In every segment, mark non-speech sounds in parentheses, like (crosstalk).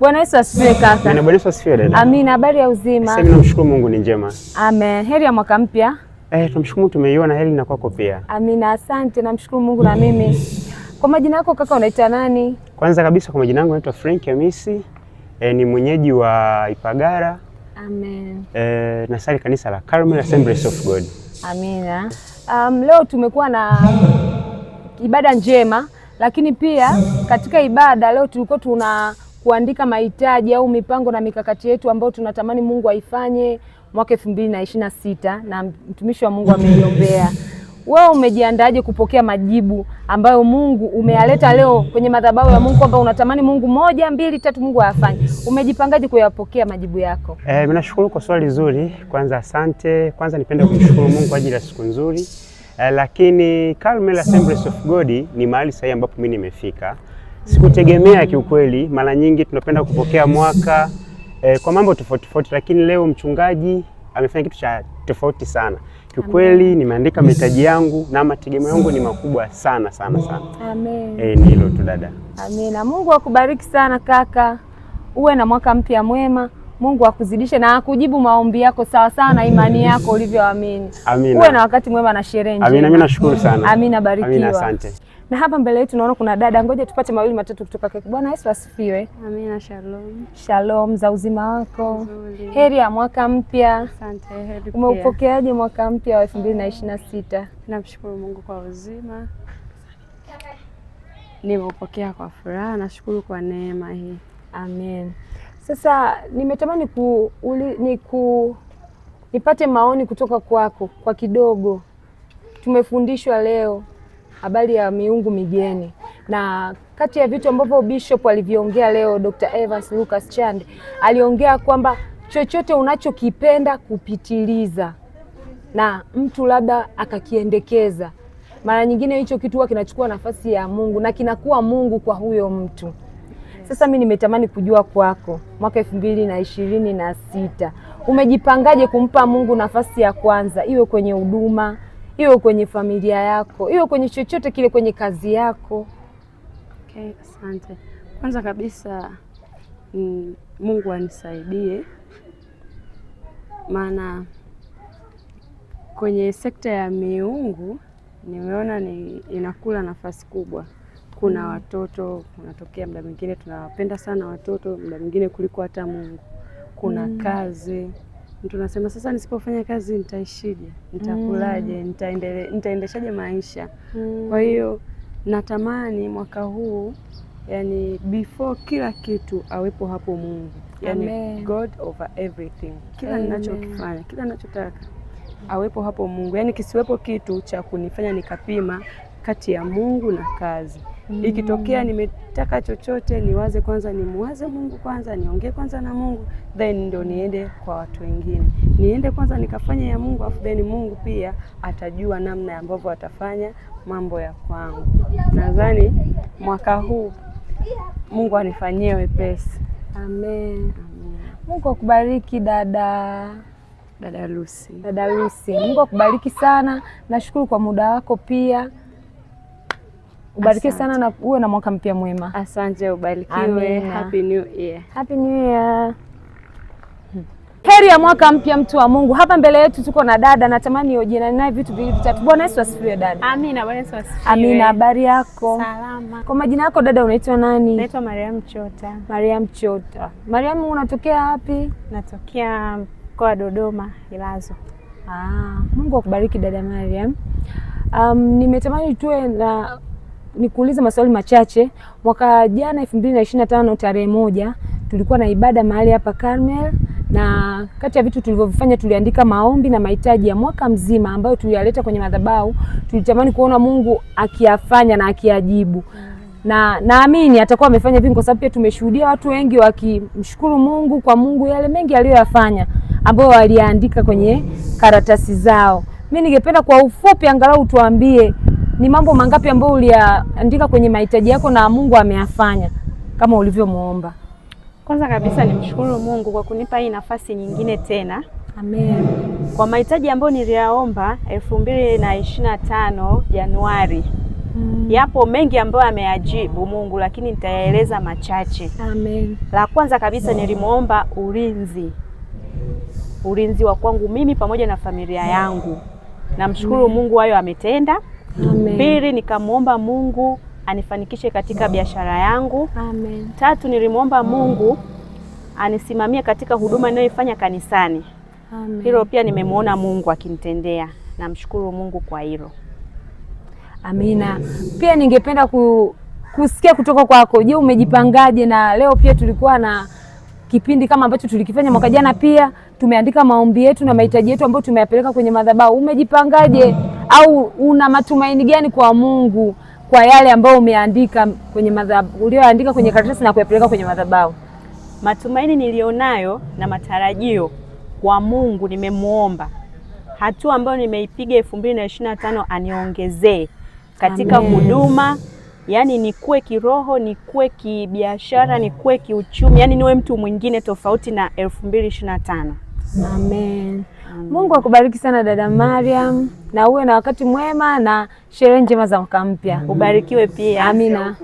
Bwana Yesu asifiwe kaka. Na Bwana Yesu asifiwe dada. Amina, habari ya uzima? Sema namshukuru Mungu ni njema. Amen. Heri ya mwaka mpya. Eh, tumshukuru tumeiona heri na kwako pia. Amina, asante namshukuru Mungu na mimi. Kwa majina yako kaka unaitwa nani? Kwanza kabisa kwa majina yangu naitwa Frank Hamisi. Eh, ni mwenyeji wa Ipagara. Amen. Eh, nasali kanisa la Carmel Assemblies of God. Amina. Ah. Um, leo tumekuwa na ibada njema lakini pia katika ibada leo tulikuwa tuna kuandika mahitaji au mipango na mikakati yetu ambayo tunatamani Mungu aifanye mwaka elfu mbili na ishirini na sita na mtumishi wa Mungu ameiombea. Wewe umejiandaje kupokea majibu ambayo Mungu umeyaleta leo kwenye madhabahu ya Mungu kwamba unatamani Mungu moja mbili tatu Mungu afanye? Umejipangaje kuyapokea majibu yako? Eh, mimi nashukuru kwa swali zuri. Kwanza asante. Kwanza nipende kumshukuru Mungu kwa ajili ya siku nzuri Eh, lakini Carmel Assemblies of God ni mahali sahihi ambapo mimi nimefika. Sikutegemea kiukweli. Mara nyingi tunapenda kupokea mwaka eh, kwa mambo tofauti tofauti, lakini leo mchungaji amefanya kitu cha tofauti sana kiukweli. Nimeandika mahitaji yangu na mategemeo yangu ni makubwa sana sana sana. Amen. Eh, ni hilo tu dada. Amen. Na Mungu akubariki sana kaka, uwe na mwaka mpya mwema Mungu akuzidishe na akujibu maombi yako sawa sawa na imani yako ulivyoamini. Amina. Uwe na wakati mwema na sherehe njema. Amina, mimi nashukuru sana. Amina, barikiwa. Amina, asante. Na hapa mbele yetu naona kuna dada, ngoja tupate mawili matatu kutoka kwake. Bwana Yesu asifiwe. Amina, shalom. Shalom za uzima wako. Zuri. Heri ya mwaka mpya. Asante, heri. pia. Umeupokeaje mwaka mpya wa 2026? Namshukuru Mungu kwa uzima. Nimeupokea kwa furaha, nashukuru kwa neema hii. Amen. Sasa nimetamani ku, uli, ni ku, nipate maoni kutoka kwako kwa kidogo. Tumefundishwa leo habari ya miungu migeni na kati ya vitu ambavyo Bishop alivyoongea leo, Dr. Evans Lucas Chande aliongea kwamba chochote unachokipenda kupitiliza na mtu labda akakiendekeza, mara nyingine hicho kitu huwa kinachukua nafasi ya Mungu na kinakuwa Mungu kwa huyo mtu. Sasa mi nimetamani kujua kwako, mwaka elfu mbili na ishirini na sita umejipangaje kumpa Mungu nafasi ya kwanza, iwe kwenye huduma, iwe kwenye familia yako, iwe kwenye chochote kile, kwenye kazi yako? Okay, asante. Kwanza kabisa mm, Mungu anisaidie, maana kwenye sekta ya miungu nimeona ni inakula nafasi kubwa kuna mm. watoto, kunatokea mda mwingine tunawapenda sana watoto, mda mwingine kuliko hata Mungu. Kuna mm. kazi mtu nasema sasa, nisipofanya kazi nitaishije? Nitakulaje? Mm. nitaendele nitaendeshaje maisha? mm. kwa hiyo natamani mwaka huu yani before kila kitu awepo hapo Mungu, yani Amen. God over everything. Kila ninachokifanya, kila ninachotaka awepo hapo Mungu, yani kisiwepo kitu cha kunifanya nikapima kati ya Mungu na kazi mm. Ikitokea nimetaka chochote, niwaze kwanza, nimwaze Mungu kwanza, niongee kwanza na Mungu, then ndo niende kwa watu wengine, niende kwanza nikafanya ya Mungu, afu then Mungu pia atajua namna ambavyo atafanya mambo ya kwangu. Nadhani mwaka huu Mungu anifanyie wepesi. Amen. Mungu akubariki dada dada Lucy. Dada Lucy. Mungu akubariki sana. Nashukuru kwa muda wako pia. Ubarikiwe sana na uwe na mwaka mpya mwema. Asante, ubarikiwe. Happy New Year. Happy New Year. Heri ya mwaka mpya, mtu wa Mungu. Hapa mbele yetu tuko na dada, natamani na naye vitu viwili vitatu. Bwana Yesu asifiwe. Dada Amina. Bwana Yesu asifiwe. Amina, habari yako? Salama. Kwa majina yako dada, unaitwa nani? Naitwa Mariam Chota. Mariam Chota. Mariam, unatokea wapi? Natokea mkoa wa Dodoma, Ilazo. Ah, Mungu akubariki dada Mariam. Um, nimetamani tuwe na nikuulize maswali machache. Mwaka jana elfu mbili na ishirini na tano tarehe moja tulikuwa na ibada mahali hapa Carmel, na kati ya vitu tulivyofanya tuliandika maombi na mahitaji ya mwaka mzima ambayo tuliyaleta kwenye madhabahu. Tulitamani kuona Mungu akiyafanya na akiyajibu na naamini atakuwa amefanya vingi, kwa sababu pia tumeshuhudia watu wengi wakimshukuru Mungu kwa Mungu yale mengi aliyoyafanya ambayo waliandika kwenye karatasi zao. Mimi ningependa kwa ufupi, angalau tuambie ni mambo mangapi ambayo uliandika kwenye mahitaji yako na Mungu ameyafanya kama ulivyomuomba? Kwanza kabisa nimshukuru Mungu kwa kunipa hii nafasi nyingine tena. Amen. Kwa mahitaji ambayo niliyaomba elfu mbili na ishirini na tano Januari Mm. Yapo mengi ambayo ameyajibu Mungu, lakini nitayaeleza machache. Amen. La kwanza kabisa nilimwomba ulinzi, ulinzi wa kwangu mimi pamoja na familia yangu. Namshukuru Mungu, hayo ametenda. Amen. Pili, nikamwomba Mungu anifanikishe katika biashara yangu. Amen. Tatu, nilimwomba Mungu anisimamie katika huduma ninayoifanya kanisani. Amen. Hilo pia nimemwona Mungu akinitendea. Namshukuru Mungu kwa hilo. Amina. Pia ningependa ku, kusikia kutoka kwako. Je, umejipangaje? Na leo pia tulikuwa na kipindi kama ambacho tulikifanya mwaka jana, pia tumeandika maombi yetu na mahitaji yetu ambayo tumeyapeleka kwenye madhabahu. Umejipangaje? au una matumaini gani kwa Mungu kwa yale ambayo umeandika kwenye madhabahu ulioandika kwenye karatasi na kuyapeleka kwenye madhabahu? Matumaini nilionayo na matarajio kwa Mungu, nimemuomba hatua ambayo nimeipiga elfu mbili na ishirini na tano aniongezee katika Amen. huduma yani nikuwe kiroho, nikuwe kibiashara, nikuwe kiuchumi, yani niwe mtu mwingine tofauti na elfu mbili ishirini na tano. Amen. Mungu akubariki sana dada Mariam, na uwe na wakati mwema na sherehe njema za mwaka mpya. Ubarikiwe pia. Amina.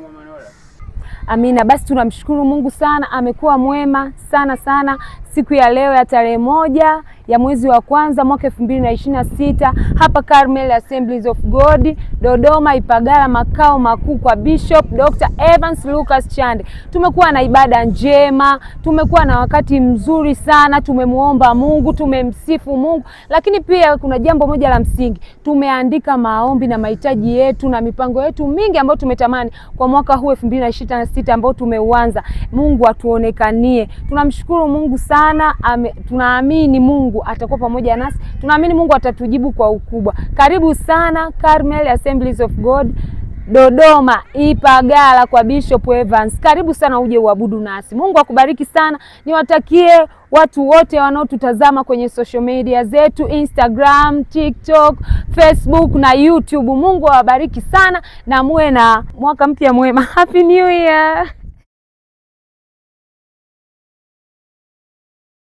Amina. Basi tunamshukuru Mungu sana, amekuwa mwema sana sana siku ya leo ya tarehe moja ya mwezi wa kwanza mwaka elfu mbili na ishirini na sita hapa Carmel Assemblies of God Dodoma Ipagala makao makuu kwa Bishop Dr. Evans Lucas Chande. Tumekuwa na ibada njema, tumekuwa na wakati mzuri sana, tumemwomba Mungu, tumemsifu Mungu, lakini pia kuna jambo moja la msingi, tumeandika maombi na mahitaji yetu na mipango yetu mingi ambayo tumetamani kwa mwaka huu elfu mbili na ishirini na sita ambao tumeuanza. Mungu atuonekanie, tunamshukuru Mungu sana Bwana tunaamini Mungu atakuwa pamoja nasi, tunaamini Mungu atatujibu kwa ukubwa. Karibu sana Carmel Assemblies of God Dodoma Ipagala kwa Bishop Evans. Karibu sana uje uabudu nasi. Mungu akubariki sana. Niwatakie watu wote wanaotutazama kwenye social media zetu Instagram, TikTok, Facebook na YouTube. Mungu awabariki sana na muwe na mwaka mpya mwema. (laughs) Happy New Year.